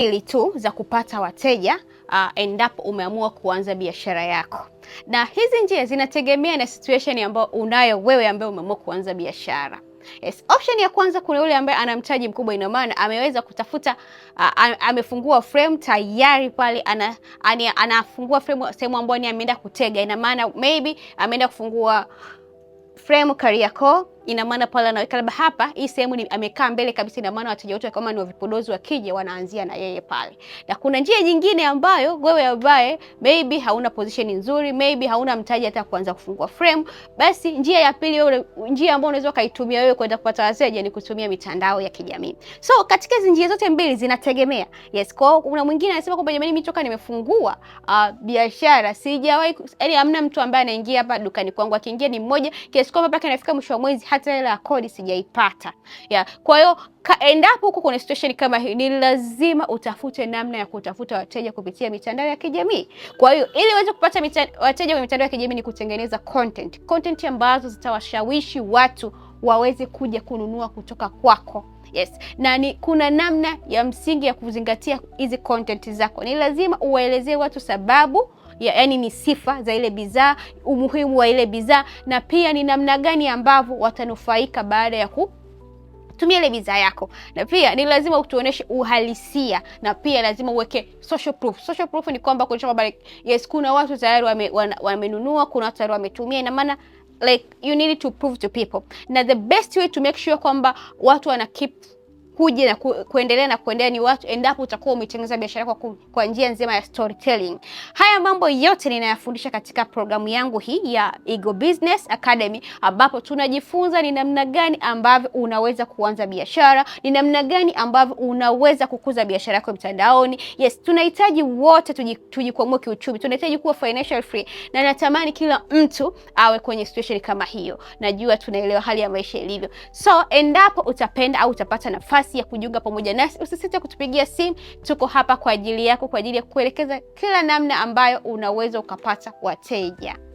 mbili tu za kupata wateja uh, endapo umeamua kuanza biashara yako, na hizi njia zinategemea na situation ambayo unayo wewe ambaye umeamua kuanza biashara. Yes. Option ya kwanza kuna yule ambaye ana mtaji mkubwa, ina maana ameweza kutafuta uh, amefungua frame tayari pale ana, ana, anafungua frame sehemu ambayo ni ameenda kutega, ina maana maybe ameenda kufungua frame Kariakoo ina maana pale anaweka labda hapa, hii sehemu ni amekaa mbele kabisa, ina maana wateja wote kama ni wavipodozi wakija wanaanzia na yeye pale. Na kuna njia nyingine ambayo wewe ambaye maybe hauna position nzuri, maybe hauna mtaji hata kuanza kufungua frame, basi njia ya pili wewe, njia ambayo unaweza kaitumia wewe kwenda kupata wateja ni kutumia mitandao ya kijamii. So katika hizo njia zote mbili zinategemea. Yes, kwa kuna mwingine anasema kwamba jamani, mimi toka nimefungua uh, biashara sijawahi, yaani hamna mtu ambaye anaingia hapa dukani kwangu, akiingia ni mmoja kiasi kwamba mpaka inafika mwisho wa mwezi hata hela ya kodi sijaipata. Yeah. Kwa hiyo endapo huko kuna situation kama hii, ni lazima utafute namna ya kutafuta wateja kupitia mitandao ya kijamii. Kwa hiyo ili uweze kupata wateja kwa mitandao ya kijamii ni kutengeneza content, content ambazo zitawashawishi watu waweze kuja kununua kutoka kwako. Yes. Na ni kuna namna ya msingi ya kuzingatia hizi content zako. Ni lazima uwaelezee watu sababu ya, yani ni sifa za ile bidhaa, umuhimu wa ile bidhaa, na pia ni namna gani ambavyo watanufaika baada ya ku tumia ile bidhaa yako, na pia ni lazima utuoneshe uhalisia, na pia lazima uweke social proof. Social proof ni kwamba kuonyesha kwamba yes kuna watu tayari wamenunua, wame kuna watu tayari wametumia, ina maana like you need to prove to people, na the best way to make sure kwamba watu wana keep kuja na ku, kuendelea na kuendelea ni watu, endapo utakuwa umetengeneza biashara yako kwa, kwa njia nzima ya storytelling. Haya mambo yote ninayafundisha katika programu yangu hii ya Eagle Business Academy, ambapo tunajifunza ni namna gani ambavyo unaweza kuanza biashara, ni namna gani ambavyo unaweza kukuza biashara yako mtandaoni. Yes, tunahitaji wote tujikwamue kiuchumi, tunahitaji kuwa financial free, na natamani kila mtu awe kwenye situation kama hiyo. Najua tunaelewa hali ya maisha ilivyo, so endapo utapenda au utapata nafasi nafasi ya kujiunga pamoja nasi. Usisite kutupigia simu, tuko hapa kwa ajili yako, kwa ajili ya kuelekeza kila namna ambayo unaweza ukapata wateja.